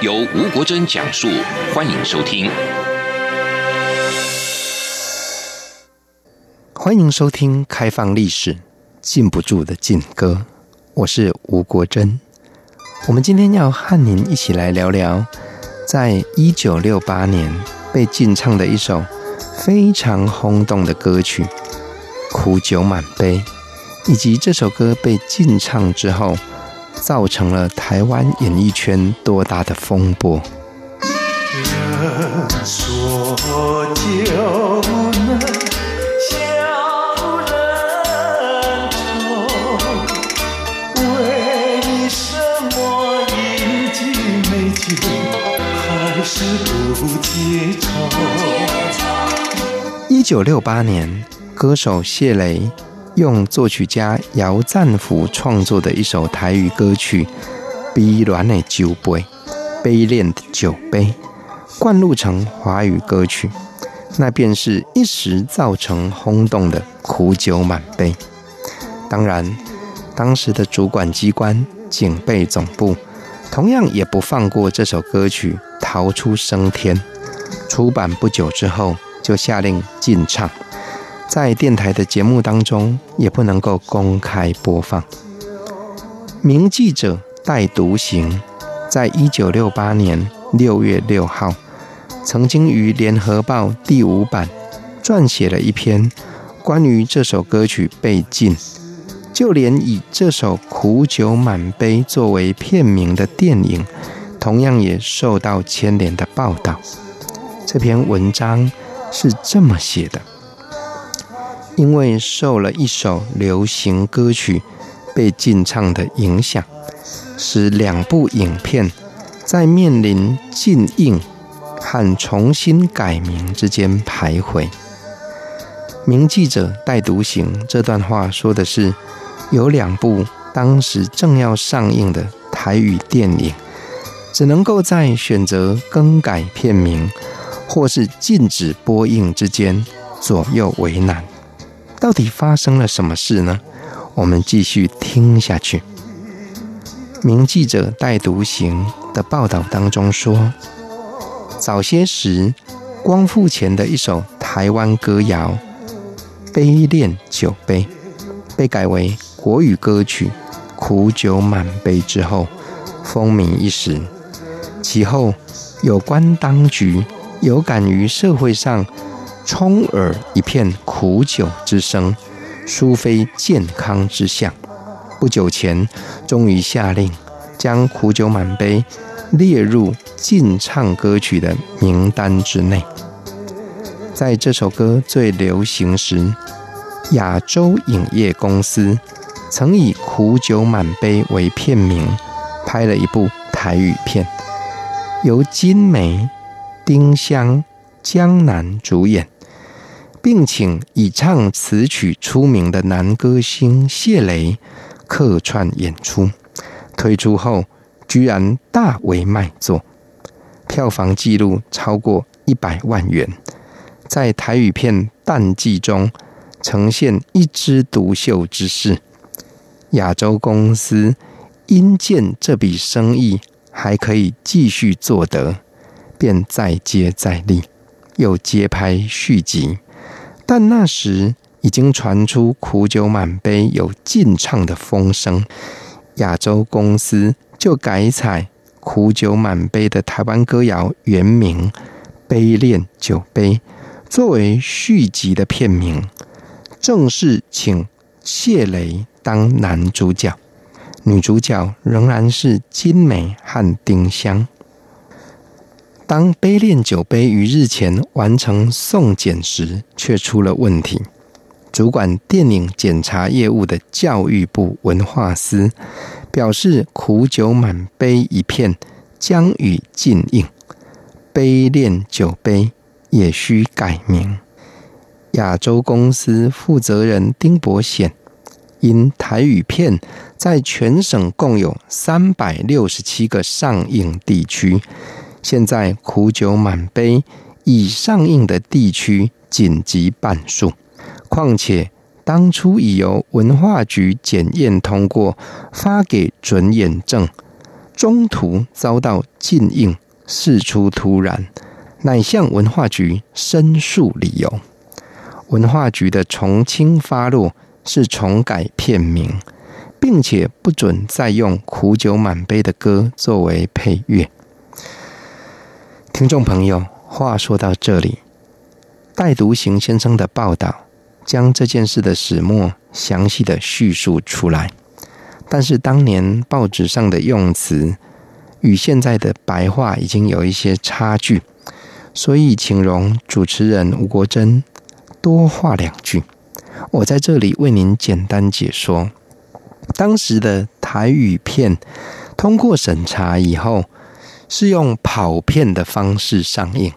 由吳國珍講述，歡迎收聽。歡迎收聽《開放歷史》，禁不住的禁歌，我是吳國珍。我們今天要和您一起來聊聊，在一九六八年被禁唱的一首非常轟動的歌曲《苦酒滿杯》，以及這首歌被禁唱之後。造成了台灣演藝圈多大的風波！人說酒能解人愁，為何飲盡美酒，還是不解愁。一九六八年，歌手謝雷。用作曲家姚贊福創作的一首台語歌曲《悲戀的酒杯》，悲戀的酒杯，灌錄成華語歌曲，那便是一時造成轟動的《苦酒滿杯》。當然，當時的主管機關警備總部，同樣也不放過這首歌曲，《逃出生天》。出版不久之後，就下令禁唱。在電臺的節目當中也不能夠公開播放。名記者戴獨行在1968年6月6號，曾經於《聯合報》第五版撰寫了一篇關於這首歌曲被禁，就連以這首“苦酒滿杯”作為片名的電影，同樣也受到牽連的報道。這篇文章是這麼寫的。因為受了一首流行歌曲被禁唱的影響，使兩部影片在面臨禁映和重新改名之間徘徊。名記者戴獨行這段話說的是，有兩部當時正要上映的台語電影，只能夠在選擇更改片名或是禁止播映之間左右為難。到底發生了什麼事呢？我們繼續聽下去。名記者戴獨行的報道當中說，早些時光復前的一首台灣歌謠《悲戀酒杯》，被改為國語歌曲《苦酒滿杯》之後，風靡一時。其後，有關當局有感於社會上，充耳一片苦酒之聲，殊非健康之相。不久前，終於下令將《苦酒滿杯》列入禁唱歌曲的名單之內。在這首歌最流行時，亞洲影業公司曾以《苦酒滿杯》為片名，拍了一部台語片，由金梅、丁香、江南主演。並請以唱此曲出名的男歌星謝雷客串演出，推出後居然大為賣座，票房紀錄超過一百萬元，在台語片淡季中呈現一枝獨秀之勢。亞洲公司因見這筆生意還可以繼續做得，便再接再厲，又接拍續集。但那時已經傳出“苦酒滿杯”有禁唱的風聲，亞洲公司就改採“苦酒滿杯”的台灣歌謠原名“悲戀酒杯”作為續集的片名，正式請謝雷當男主角，女主角仍然是金美和丁香。當悲戀酒杯於日前完成送檢時，卻出了問題。主管電影檢查業務的教育部文化司表示，苦酒滿杯一片將予禁映。悲戀酒杯也需改名。亞洲公司負責人丁伯顯因台語片在全省共有三百六十七個上映地區。現在苦酒滿杯已上映的地區近及半數，況且當初已由文化局檢驗通過，發給准演證，中途遭到禁映，事出突然，乃向文化局申訴理由。文化局的從輕發落是重改片名，並且不准再用苦酒滿杯的歌作為配樂。聽眾朋友，話說到這裡，戴獨行先生的報道將這件事的始末詳細地敘述出來，但是當年報紙上的用詞與現在的白話已經有一些差距，所以請容主持人吳國珍多話兩句。我在這裡為您簡單解說當時的台語片通過審查以後。是用跑片的方式上映。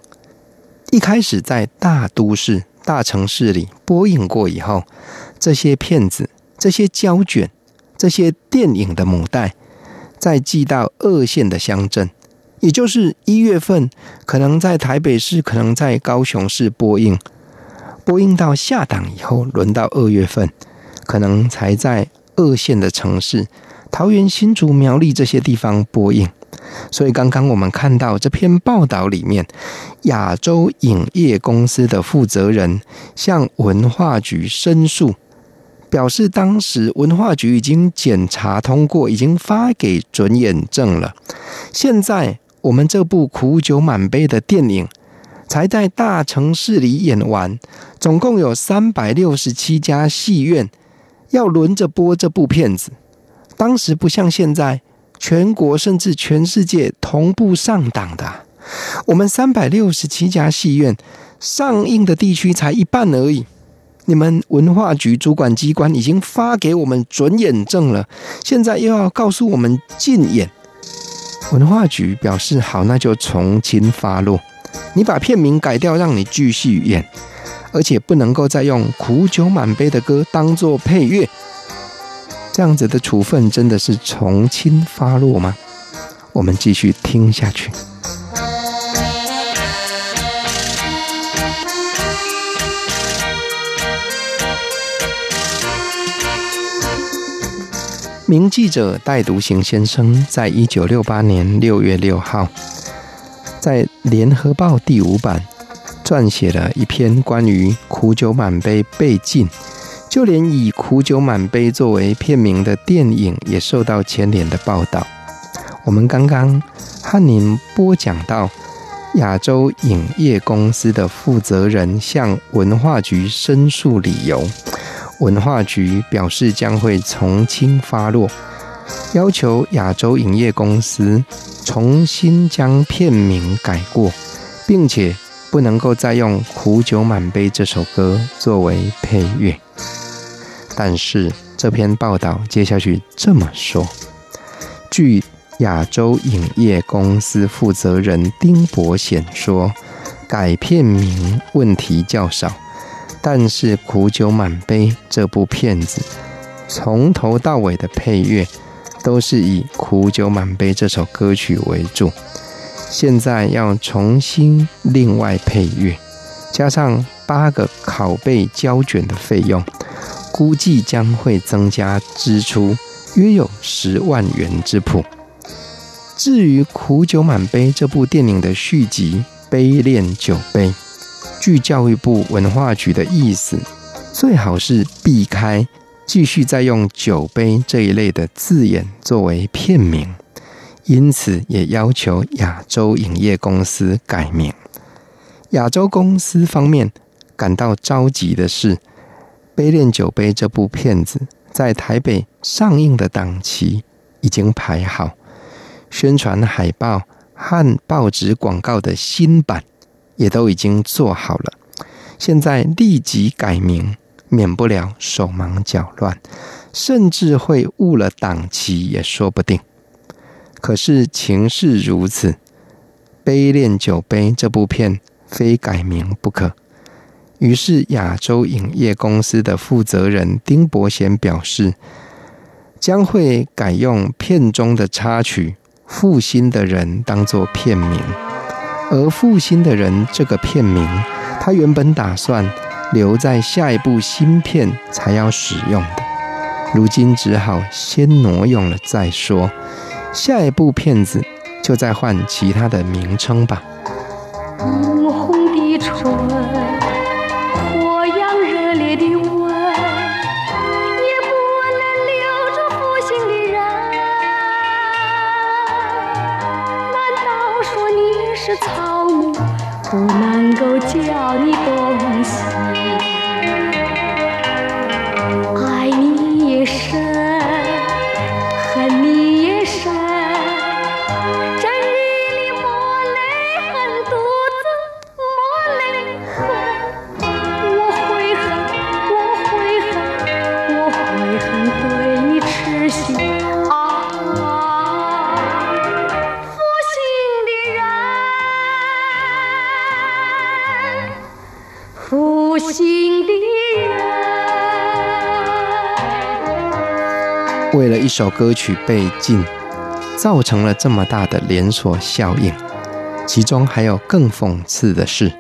一開始在大都市、大城市裡播映過以後，這些片子、這些膠卷、這些電影的母帶，再寄到二線的鄉鎮。也就是一月份可能在台北市、可能在高雄市播映，播映到下檔以後，輪到二月份，可能才在二線的城市，桃園、新竹、苗栗這些地方播映。所以，剛剛我們看到這篇報道裡面，亞洲影業公司的負責人向文化局申訴，表示當時文化局已經檢查通過，已經發給准演證了。現在我們這部苦酒滿杯的電影才在大城市裡演完，總共有三百六十七家戲院要輪着播這部片子。當時不像現在。全國甚至全世界同步上檔的，我們三百六十七家戲院上映的地區才一半而已。你們文化局主管機關已經發給我們准演證了，現在又要告訴我們禁演。文化局表示好，那就從輕發落。你把片名改掉，讓你繼續演，而且不能夠再用《苦酒滿杯》的歌當做配樂。這樣子的處分真的是從輕發落嗎？我們繼續聽下去。名記者戴獨行先生在一九六八年六月六號，在《聯合報》第五版撰寫了一篇關於“苦酒滿杯”被禁。就連以“苦酒滿杯”作為片名的電影也受到牽連的報道。我們剛剛和您播講到，亞洲影業公司的負責人向文化局申訴理由，文化局表示將會從輕發落，要求亞洲影業公司重新將片名改過，並且不能夠再用“苦酒滿杯”這首歌作為配樂。但是這篇報道接下去這麼說，據亞洲影業公司負責人丁伯賢說，改片名問題較少，但是《苦酒滿杯》這部片子從頭到尾的配樂都是以《苦酒滿杯》這首歌曲為主，現在要重新另外配樂，加上八個拷貝膠卷的費用。估計將會增加支出約有十萬元之譜。至於《苦酒滿杯》這部電影的續集《悲戀酒杯》，據教育部文化局的意思，最好是避開繼續再用“酒杯”這一類的字眼作為片名，因此也要求亞洲影業公司改名。亞洲公司方面感到着急的是，《悲戀酒杯》這部片子在台北上映的檔期已經排好，宣傳海報和報紙廣告的新版也都已經做好了。現在立即改名，免不了手忙腳亂，甚至會誤了檔期也說不定。可是情勢如此，《悲戀酒杯》這部片非改名不可。於是，亞洲影業公司的負責人丁伯賢表示，將會改用片中的插曲《負心的人》當做片名。而《負心的人》這個片名，他原本打算留在下一部新片才要使用的，如今只好先挪用了再說。下一部片子就再換其他的名稱吧。嗯這草木不能夠叫你動心。一首歌曲被禁，造成了這麼大的連鎖效應。其中還有更諷刺的事，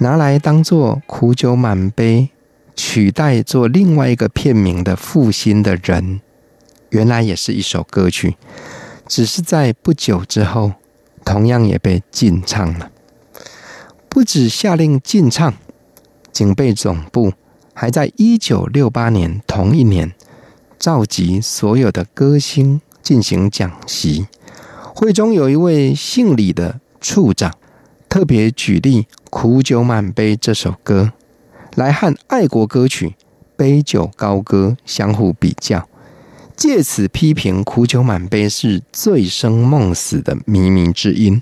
拿來當做苦酒滿杯，取代做另外一個片名的《負心的人》，原來也是一首歌曲，只是在不久之後，同樣也被禁唱了。不止下令禁唱，警備總部還在一九六八年同一年。召集所有的歌星進行講習，會中有一位姓李的處長，特別舉例《苦酒滿杯》這首歌，來和愛國歌曲《杯酒高歌》相互比較，借此批評《苦酒滿杯》是醉生夢死的靡靡之音。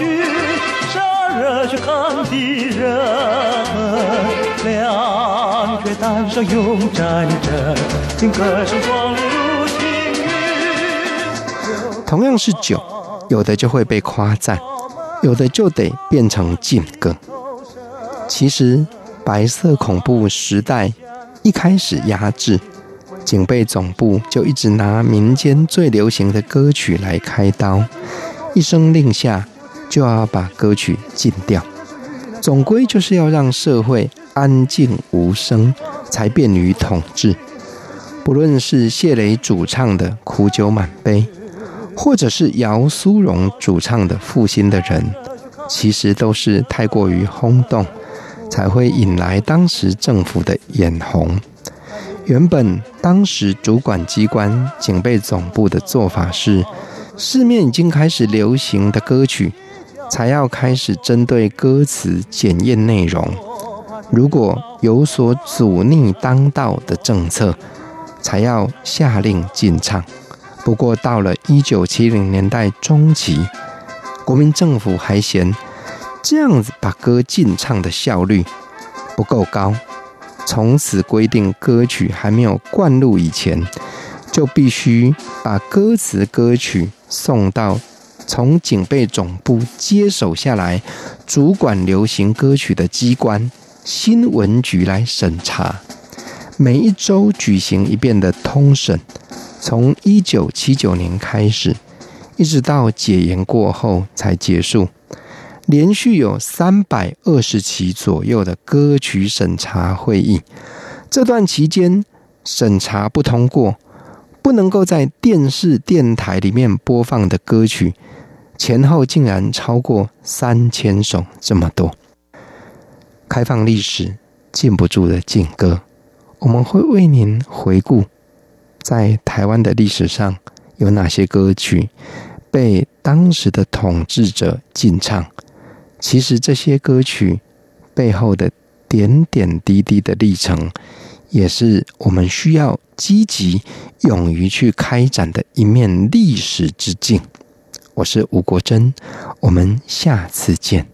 音兩同樣是酒，有的就會被誇讚，有的就得變成禁歌。其實白色恐怖時代一開始壓制，警備總部就一直拿民間最流行的歌曲來開刀，一聲令下。就要把歌曲禁掉，總歸就是要讓社會安靜無聲，才便於統治。不論是謝雷主唱的《苦酒滿杯》，或者是姚蘇蓉主唱的《負心的人》，其實都是太過於轟動，才會引來當時政府的眼紅。原本當時主管機關警備總部的做法是，市面已經開始流行的歌曲。才要開始針對歌詞檢驗內容，如果有所阻逆當道的政策，才要下令禁唱。不過到了一九七零年代中期，國民政府還嫌這樣子把歌禁唱的效率不夠高，從此規定歌曲還沒有灌錄以前，就必須把歌詞、歌曲送到。從警備總部接手下來，主管流行歌曲的機關新聞局來審查，每一周舉行一遍的通審，從一九七九年開始，一直到解嚴過後才結束，連續有三百二十期左右的歌曲審查會議。這段期間，審查不通過，不能夠在電視電台裡面播放的歌曲。前後竟然超過三千首，這麼多。開放歷史禁不住的禁歌，我們會為您回顧，在台灣的歷史上有哪些歌曲被當時的統治者禁唱。其實這些歌曲背後的點點滴滴的歷程，也是我們需要積極、勇於去開展的一面歷史之鏡。我是吳國楨，我們下次見。